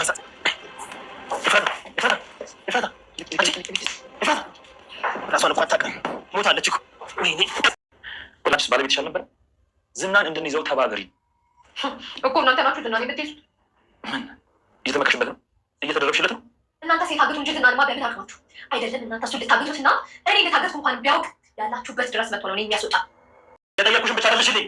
ራሷን እኮ አታውቅም፣ ሞታለች እኮ። ወይኔ ሁላችሁስ ባለቤት ይሻል ነበረ። ዝናን እንድንይዘው ተባበሪ እኮ እናንተ ናችሁ። ዝናን የምትይዙት ምን እየተመከሽበት ነው? እየተደረብሽለት ነው። እናንተ ሴት አገቱ እንጂ ዝናንማ በምን አቅማችሁ አይደለም። እናንተ እሱን ልታገቱት እና እኔ ልታገቱ እንኳን ቢያውቅ ያላችሁበት ድረስ መጥቶ ነው እኔ የሚያስወጣ የጠየቁሽን ብቻ ደርሽልኝ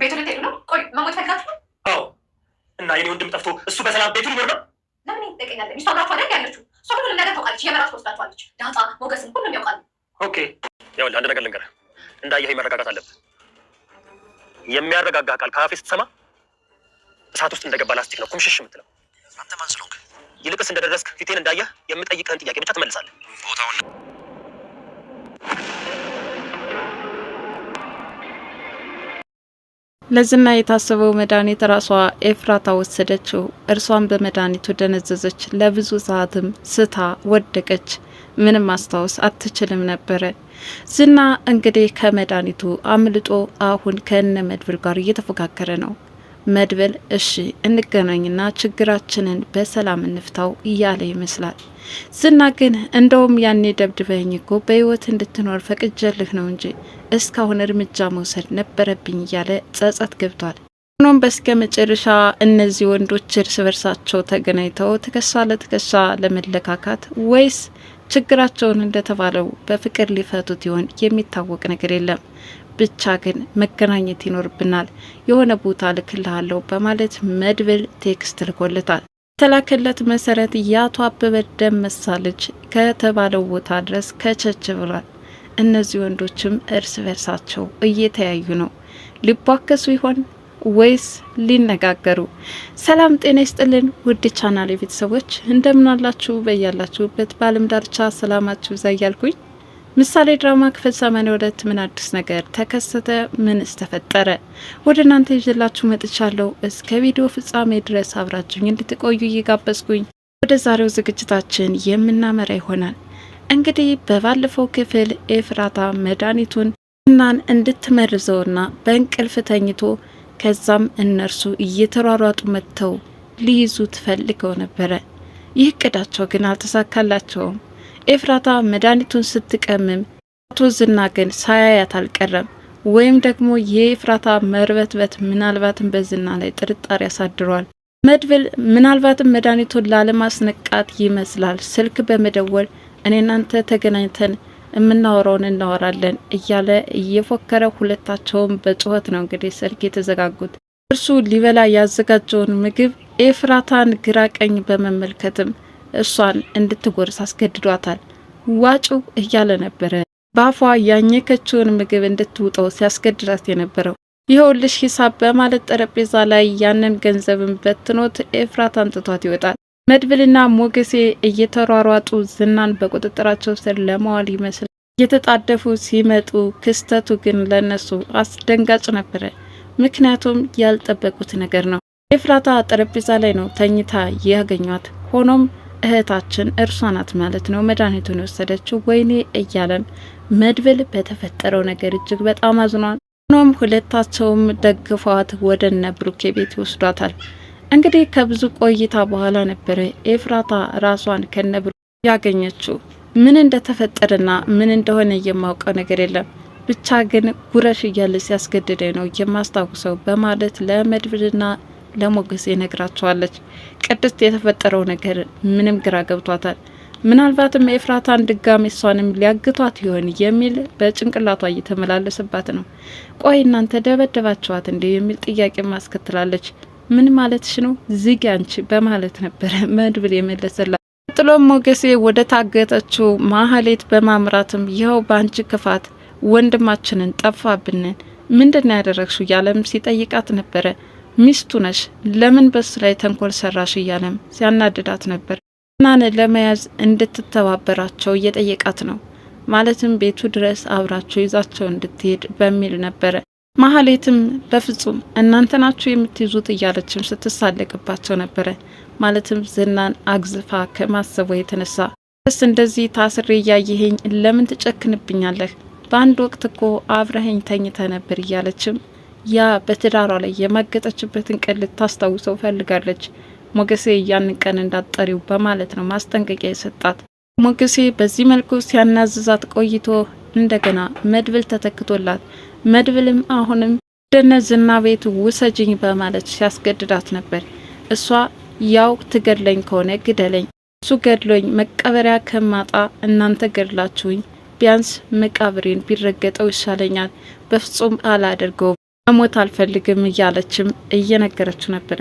ቤቱ ልትሄዱ ነው? ቆይ መሞት ፈልጋት ነው? አዎ። እና የኔ ወንድም ጠፍቶ እሱ በሰላም ቤቱ ሊኖር ነው? ለምን ይጠቀኛለ? ሚስቷ ጋር አደግ ያለችው እሷ ሁሉም ነገር ታውቃለች። የመራት ወስዳችኋለች። ዳጣ ሞገስም ሁሉም ያውቃሉ። ኦኬ፣ ይኸውልህ አንድ ነገር ልንገርህ። እንዳየህ መረጋጋት አለብህ። የሚያረጋጋ ቃል ከአፌ ስትሰማ እሳት ውስጥ እንደገባ ላስቲክ ነው ኩምሽሽ የምትለው። አንተ ማን ስለሆንክ ይልቅስ እንደደረስክ ፊቴን እንዳየህ የምጠይቅህን ጥያቄ ብቻ ትመልሳለህ። ቦታውን ለዝና የታሰበው መድኃኒት ራሷ ኤፍራታ ወሰደችው። እርሷን በመድኃኒቱ ደነዘዘች። ለብዙ ሰዓትም ስታ ወደቀች። ምንም ማስታወስ አትችልም ነበረ። ዝና እንግዲህ ከመድኃኒቱ አምልጦ አሁን ከነ መድብል ጋር እየተፎካከረ ነው። መድብል እሺ እንገናኝና ችግራችንን በሰላም እንፍታው እያለ ይመስላል። ዝና ግን እንደውም ያኔ ደብድበኝ እኮ በህይወት እንድትኖር ፈቅጀልህ ነው እንጂ እስካሁን እርምጃ መውሰድ ነበረብኝ እያለ ጸጸት ገብቷል። ሆኖም በስከ መጨረሻ እነዚህ ወንዶች እርስ በርሳቸው ተገናኝተው ትከሻ ለትከሻ ለመለካካት ወይስ ችግራቸውን እንደተባለው በፍቅር ሊፈቱት ይሆን? የሚታወቅ ነገር የለም። ብቻ ግን መገናኘት ይኖርብናል፣ የሆነ ቦታ ልክልሃለሁ በማለት መድብል ቴክስት ልኮለታል። የተላከለት መሰረት የአቶ አበበ ደመሳ ልጅ ከተባለው ቦታ ድረስ ከቸች ብሏል። እነዚህ ወንዶችም እርስ በርሳቸው እየተያዩ ነው። ሊቧከሱ ይሆን ወይስ ሊነጋገሩ? ሰላም ጤና ይስጥልን ውድ ቻናል ቤተሰቦች እንደምናላችሁ፣ በያላችሁበት በአለም ዳርቻ ሰላማችሁ ይብዛ እያልኩኝ ምሳሌ ድራማ ክፍል ሰማንያ ሁለት ምን አዲስ ነገር ተከሰተ? ምንስ ተፈጠረ? ወደ እናንተ ይዤላችሁ መጥቻለሁ። እስከ ቪዲዮ ፍጻሜ ድረስ አብራችሁኝ እንድትቆዩ እየጋበዝኩኝ ወደ ዛሬው ዝግጅታችን የምናመራ ይሆናል። እንግዲህ በባለፈው ክፍል ኤፍራታ መድኃኒቱን እናን እንድትመርዘውና በእንቅልፍ ተኝቶ ከዛም እነርሱ እየተሯሯጡ መጥተው ሊይዙ ትፈልገው ነበረ። ይህ እቅዳቸው ግን አልተሳካላቸውም። ኤፍራታ መድኃኒቱን ስትቀምም አቶ ዝና ግን ሳያያት አልቀረም። ወይም ደግሞ የኤፍራታ መርበትበት ምናልባትም በዝና ላይ ጥርጣሬ ያሳድሯል። መድብል ምናልባትም መድኃኒቱን ላለማስነቃት ይመስላል ስልክ በመደወል እኔ እናንተ ተገናኝተን የምናወራውን እናወራለን እያለ እየፎከረ ሁለታቸውም በጩኸት ነው እንግዲህ ስልክ የተዘጋጉት። እርሱ ሊበላ ያዘጋጀውን ምግብ ኤፍራታን ግራ ቀኝ በመመልከትም እሷን እንድትጎርስ አስገድዷታል። ዋጩ እያለ ነበረ በአፏ ያኘከችውን ምግብ እንድትውጠው ሲያስገድዳት የነበረው። ይኸውልሽ ሂሳብ በማለት ጠረጴዛ ላይ ያንን ገንዘብን በትኖት ኤፍራት አንጥቷት ይወጣል። መድብልና ሞገሴ እየተሯሯጡ ዝናን በቁጥጥራቸው ስር ለማዋል ይመስል እየተጣደፉ ሲመጡ ክስተቱ ግን ለነሱ አስደንጋጭ ነበረ። ምክንያቱም ያልጠበቁት ነገር ነው። ኤፍራታ ጠረጴዛ ላይ ነው ተኝታ ያገኟት። ሆኖም እህታችን እርሷ ናት ማለት ነው መድኃኒቱን የወሰደችው ወይኔ እያለም መድብል በተፈጠረው ነገር እጅግ በጣም አዝኗል። ሆኖም ሁለታቸውም ደግፏት ወደ እነ ብሩኬ ቤት ይወስዷታል። እንግዲህ ከብዙ ቆይታ በኋላ ነበረ ኤፍራታ ራሷን ከነ ብሩኬ ያገኘችው። ምን እንደተፈጠረና ምን እንደሆነ የማውቀው ነገር የለም ብቻ ግን ጉረሽ እያለ ሲያስገድደ ነው የማስታውሰው በማለት ለመድብልና ለሞገሴ ነግራቸዋለች። ቅድስት የተፈጠረው ነገር ምንም ግራ ገብቷታል። ምናልባትም ኤፍራታን ድጋሚ እሷንም ሊያግቷት ይሆን የሚል በጭንቅላቷ እየተመላለሰባት ነው። ቆይ እናንተ ደበደባቸዋት እንዴ የሚል ጥያቄ ማስከትላለች። ምን ማለትሽ ነው ዝጊ አንቺ በማለት ነበረ መድብል የመለሰላት። ቀጥሎም ሞገሴ ወደ ታገተችው ማህሌት በማምራትም ይኸው በአንቺ ክፋት ወንድማችንን ጠፋብንን ምንድን ያደረግሽው እያለም ሲጠይቃት ነበረ። ሚስቱ ነሽ ለምን በሱ ላይ ተንኮል ሰራሽ እያለም ሲያናድዳት ነበር። ናን ለመያዝ እንድትተባበራቸው እየጠየቃት ነው። ማለትም ቤቱ ድረስ አብራቸው ይዛቸው እንድትሄድ በሚል ነበረ። ማህሌትም በፍጹም እናንተ ናችሁ የምትይዙት እያለችም ስትሳለቅባቸው ነበረ። ማለትም ዝናን አግዝፋ ከማሰቧ የተነሳ ስ እንደዚህ ታስሬ እያየኸኝ ለምን ትጨክንብኛለህ? በአንድ ወቅት እኮ አብረኸኝ ተኝተ ነበር እያለችም ያ በትዳሯ ላይ የማገጠችበትን ቀን ልታስታውሰው ፈልጋለች። ሞገሴ ያንን ቀን እንዳጠሪው በማለት ነው ማስጠንቀቂያ የሰጣት። ሞገሴ በዚህ መልኩ ሲያናዝዛት ቆይቶ እንደገና መድብል ተተክቶላት፣ መድብልም አሁንም ደነ ዝና ቤት ውሰጅኝ በማለት ሲያስገድዳት ነበር። እሷ ያው ትገድለኝ ከሆነ ግደለኝ፣ እሱ ገድሎኝ መቀበሪያ ከማጣ እናንተ ገድላችሁኝ ቢያንስ መቃብሬን ቢረገጠው ይሻለኛል። በፍጹም አላደርገውም መሞት አልፈልግም እያለችም እየነገረችው ነበረ።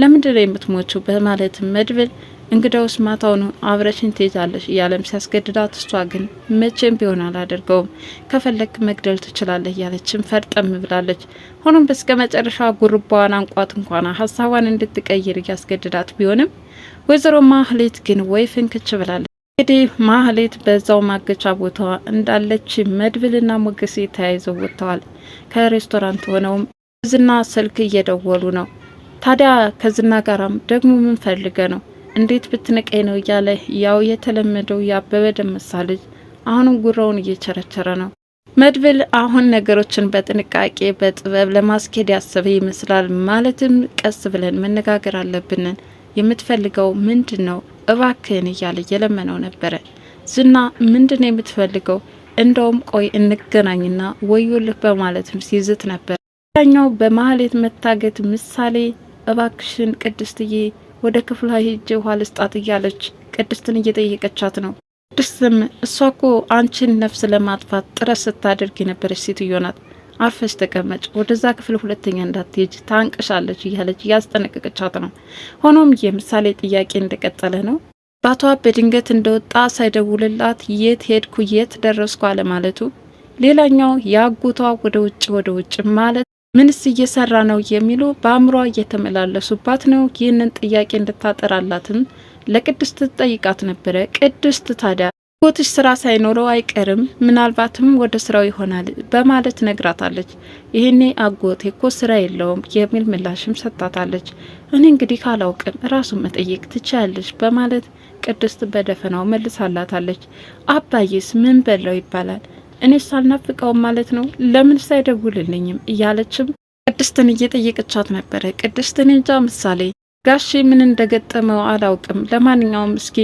ለምንድን የምትሞቹ? በማለት መድብል እንግዳውስ ማታውኑ አብረሽን ትይዛለች እያለም ሲያስገድዳት፣ እሷ ግን መቼም ቢሆን አላደርገውም ከፈለግ መግደል ትችላለህ እያለችም ፈርጠም ብላለች። ሆኖም በስከ መጨረሻ ጉርቧን አንቋት እንኳን ሀሳቧን እንድትቀይር እያስገድዳት ቢሆንም ወይዘሮ ማህሌት ግን ወይ ፍንክች ብላለች። እንግዲህ ማህሌት በዛው ማገቻ ቦታዋ እንዳለች መድብልና ሞገሴ ተያይዘው ወጥተዋል። ከሬስቶራንት ሆነውም ዝና ስልክ እየደወሉ ነው። ታዲያ ከዝና ጋራም ደግሞ ምን ፈልገ ነው እንዴት ብትንቀኝ ነው እያለ ያው የተለመደው የአበበ ደመሳ ልጅ አሁንም ጉራውን እየቸረቸረ ነው። መድብል አሁን ነገሮችን በጥንቃቄ በጥበብ ለማስኬድ ያሰበ ይመስላል። ማለትም ቀስ ብለን መነጋገር አለብንን፣ የምትፈልገው ምንድን ነው እባክህን እያለ እየለመነው ነበረ። ዝና ምንድን ነው የምትፈልገው እንደውም ቆይ እንገናኝና ወዮልህ በማለት ሲዝት ነበር። ያኛው በማህሌት መታገት ምሳሌ እባክሽን ቅድስትዬ ወደ ክፍሏ ሄጄ ውሃ ልስጣት እያለች ቅድስትን እየጠየቀቻት ነው። ቅድስትም እሷ ኮ አንቺን ነፍስ ለማጥፋት ጥረት ስታደርግ የነበረች ሴትዮ ናት፣ አርፈሽ ተቀመጭ፣ ወደዛ ክፍል ሁለተኛ እንዳትሄጅ ታንቅሻለች እያለች እያስጠነቀቀቻት ነው። ሆኖም የምሳሌ ጥያቄ እንደቀጠለ ነው። አባቷ በድንገት እንደወጣ ሳይደውልላት የት ሄድኩ የት ደረስኩ አለማለቱ፣ ሌላኛው የአጎቷ ወደ ውጭ ወደ ውጭ ማለት ምንስ እየሰራ ነው የሚሉ በአእምሯ እየተመላለሱባት ነው። ይህንን ጥያቄ እንድታጠራላትም ለቅድስት ትጠይቃት ነበረ። ቅድስት ታዲያ ቦትሽ ስራ ሳይኖረው አይቀርም ምናልባትም ወደ ስራው ይሆናል በማለት ነግራታለች። ይህኔ አጎቴ እኮ ስራ የለውም የሚል ምላሽም ሰጥታታለች። እኔ እንግዲህ ካላውቅም ራሱ መጠየቅ ትችላለች በማለት ቅድስት በደፈናው መልሳላታለች። አባዬስ ምን በለው ይባላል? እኔ አልናፍቀውም ማለት ነው? ለምን አይደውልልኝም? እያለችም ቅድስትን እየጠየቀቻት ነበረ። ቅድስትን እንጃ ምሳሌ ጋሼ ምን እንደገጠመው አላውቅም። ለማንኛውም እስኪ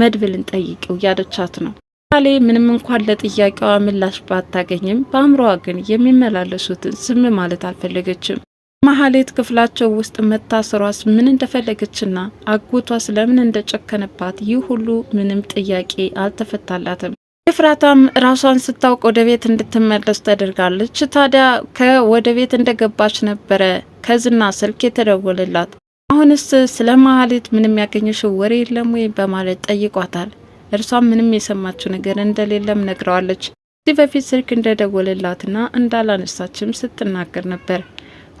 መድብልን ጠይቂው እያለቻት ነው። ምሳሌ ምንም እንኳን ለጥያቄዋ ምላሽ ባታገኝም በአእምሮዋ ግን የሚመላለሱትን ዝም ማለት አልፈለገችም። ማህሌት ክፍላቸው ውስጥ መታሰሯስ ምን እንደፈለገችና አጎቷ ስለምን እንደጨከነባት ይህ ሁሉ ምንም ጥያቄ አልተፈታላትም። ኤፍራታም ራሷን ስታውቅ ወደ ቤት እንድትመለስ ተደርጋለች። ታዲያ ከወደ ቤት እንደገባች ነበረ ከዝና ስልክ የተደወለላት። አሁንስ ስለ መሀሌት ምንም ያገኘሽው ወሬ የለም ወይ በማለት ጠይቋታል። እርሷም ምንም የሰማችው ነገር እንደሌለም ነግረዋለች። እዚህ በፊት ስልክ እንደደወለላትና እንዳላነሳችም ስትናገር ነበር።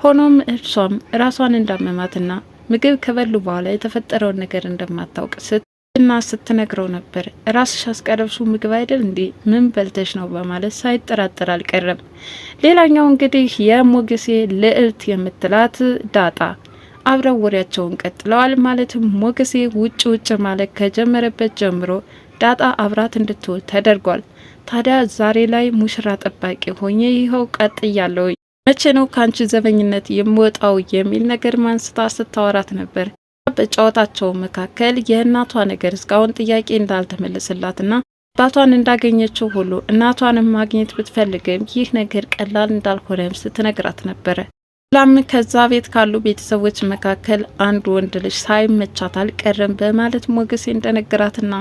ሆኖም እርሷም ራሷን እንዳመማትና ምግብ ከበሉ በኋላ የተፈጠረውን ነገር እንደማታውቅ ስትና ስትነግረው ነበር። ራስሽ አስቀረብሱ ምግብ አይደል እንዴ? ምን በልተሽ ነው? በማለት ሳይጠራጠር አልቀረም። ሌላኛው እንግዲህ የሞገሴ ልዕልት የምትላት ዳጣ አብረው ወሬያቸውን ቀጥለዋል። ማለትም ሞገሴ ውጭ ውጭ ማለት ከጀመረበት ጀምሮ ዳጣ አብራት እንድትውል ተደርጓል። ታዲያ ዛሬ ላይ ሙሽራ ጠባቂ ሆኜ ይኸው ቀጥ እያለው መቼ ነው ከአንቺ ዘበኝነት የምወጣው የሚል ነገር ማንስታ ስታወራት ነበር። በጨዋታቸው መካከል የእናቷ ነገር እስካሁን ጥያቄ እንዳልተመለስላትና አባቷን እንዳገኘችው ሁሉ እናቷንም ማግኘት ብትፈልግም ይህ ነገር ቀላል እንዳልሆነም ስትነግራት ነበረ። ላም ከዛ ቤት ካሉ ቤተሰቦች መካከል አንድ ወንድ ልጅ ሳይመቻት አልቀረም በማለት ሞገሴ እንደነገራትና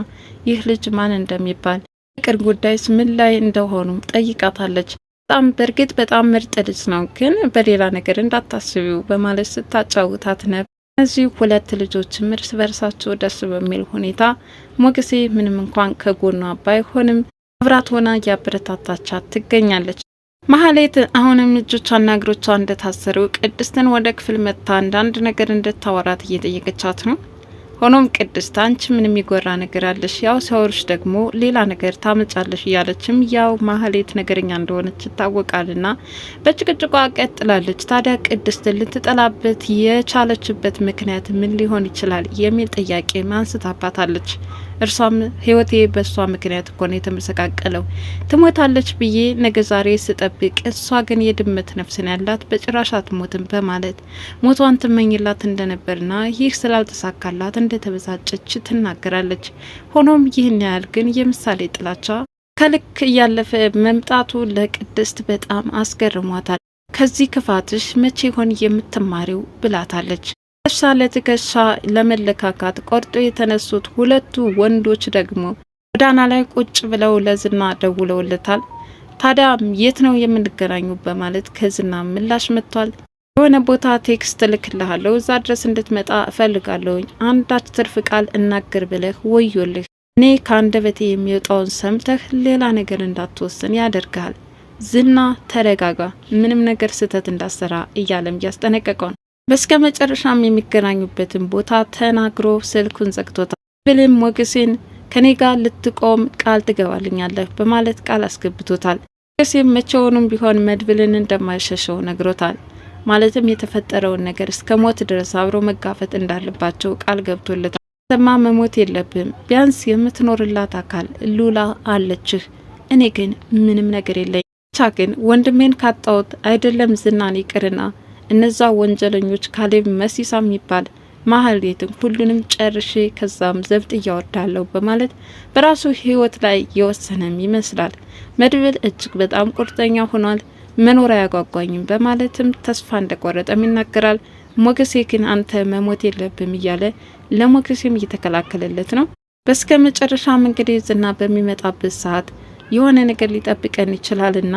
ይህ ልጅ ማን እንደሚባል ፍቅር ጉዳይስ ምን ላይ እንደሆኑ ጠይቃታለች። በጣም በእርግጥ በጣም ምርጥ ልጅ ነው፣ ግን በሌላ ነገር እንዳታስቢው በማለት ስታጫውታት ነበር። እነዚህ ሁለት ልጆችም እርስ በርሳቸው ደስ በሚል ሁኔታ ሞገሴ ምንም እንኳን ከጎኗ ባይሆንም አብራት ሆና እያበረታታቻት ትገኛለች። ማህሌት አሁንም እጆቿና እግሮቿ እንደታሰሩ ቅድስትን ወደ ክፍል መጥታ አንዳንድ ነገር እንድታወራት እየጠየቀቻት ነው። ሆኖም ቅድስት አንቺ ምን የሚጎራ ነገር አለሽ? ያው ሲያወርሽ ደግሞ ሌላ ነገር ታመጫለሽ እያለችም ያው ማህሌት ነገረኛ እንደሆነች ይታወቃልና በጭቅጭቋ ቀጥላለች። ታዲያ ቅድስትን ልትጠላበት የቻለችበት ምክንያት ምን ሊሆን ይችላል የሚል ጥያቄ ማንስታባታለች። እርሷም ህይወቴ በእሷ ምክንያት እኮ ነው የተመሰቃቀለው። ትሞታለች ብዬ ነገ ዛሬ ስጠብቅ፣ እሷ ግን የድመት ነፍስን ያላት በጭራሽ አትሞትም በማለት ሞቷን ትመኝላት እንደነበርና ይህ ስላልተሳካላት እንደተበሳጨች ትናገራለች። ሆኖም ይህን ያህል ግን የምሳሌ ጥላቻ ከልክ እያለፈ መምጣቱ ለቅድስት በጣም አስገርሟታል። ከዚህ ክፋትሽ መቼ ሆን የምትማሪው ብላታለች። ትከሻ ለትከሻ ለመለካካት ቆርጦ የተነሱት ሁለቱ ወንዶች ደግሞ ጎዳና ላይ ቁጭ ብለው ለዝና ደውለውለታል። ታዲያ የት ነው የምንገናኙ በማለት ከዝና ምላሽ መጥቷል። የሆነ ቦታ ቴክስት እልክልሃለሁ፣ እዛ ድረስ እንድትመጣ እፈልጋለሁኝ። አንዳች ትርፍ ቃል እናገር ብለህ ወዮልህ፣ እኔ ከአንደበቴ የሚወጣውን ሰምተህ ሌላ ነገር እንዳትወስን ያደርግሃል። ዝና ተረጋጋ፣ ምንም ነገር ስህተት እንዳሰራ እያለም እያስጠነቀቀው ነው። በስከ መጨረሻም የሚገናኙበትን ቦታ ተናግሮ ስልኩን ዘግቶታል። ብልም ሞገሴን ከኔ ጋር ልትቆም ቃል ትገባልኛለህ በማለት ቃል አስገብቶታል። ሞገሴም መቼውንም ቢሆን መድብልን እንደማይሸሸው ነግሮታል። ማለትም የተፈጠረውን ነገር እስከ ሞት ድረስ አብሮ መጋፈጥ እንዳለባቸው ቃል ገብቶለታል። ሰማ መሞት የለብም ቢያንስ የምትኖርላት አካል ሉላ አለችህ። እኔ ግን ምንም ነገር የለኝ ብቻ ግን ወንድሜን ካጣሁት አይደለም ዝናን ይቅርና እነዛ ወንጀለኞች ካሌብ መሲሳ የሚባል ማህሌትን ሁሉንም ጨርሼ ከዛም ዘብጥ እያወዳለሁ በማለት በራሱ ህይወት ላይ የወሰነም ይመስላል። መድብል እጅግ በጣም ቁርጠኛ ሆኗል። መኖር አያጓጓኝም በማለትም ተስፋ እንደቆረጠም ይናገራል። ሞገሴ ግን አንተ መሞት የለብም እያለ ለሞገሴም እየተከላከለለት ነው። በስከ መጨረሻም እንግዲህ ዝና በሚመጣበት ሰዓት የሆነ ነገር ሊጠብቀን ይችላልና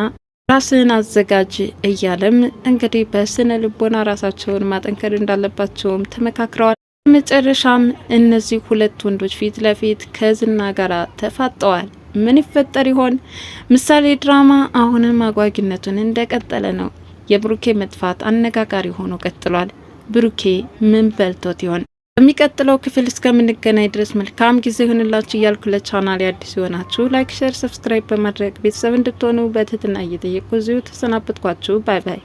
ራስህን አዘጋጅ እያለም እንግዲህ በስነ ልቦና ራሳቸውን ማጠንከር እንዳለባቸውም ተመካክረዋል። በመጨረሻም እነዚህ ሁለት ወንዶች ፊት ለፊት ከዝና ጋር ተፋጠዋል። ምን ይፈጠር ይሆን? ምሳሌ ድራማ አሁንም አጓጊነቱን እንደቀጠለ ነው። የብሩኬ መጥፋት አነጋጋሪ ሆኖ ቀጥሏል። ብሩኬ ምን በልቶት ይሆን? በሚቀጥለው ክፍል እስከምንገናኝ ድረስ መልካም ጊዜ ይሁንላችሁ እያልኩ ለቻናል አዲስ የሆናችሁ ላይክ፣ ሼር፣ ሰብስክራይብ በማድረግ ቤተሰብ እንድትሆኑ በትህትና እየጠየቁ እዚሁ ተሰናበትኳችሁ። ባይ ባይ።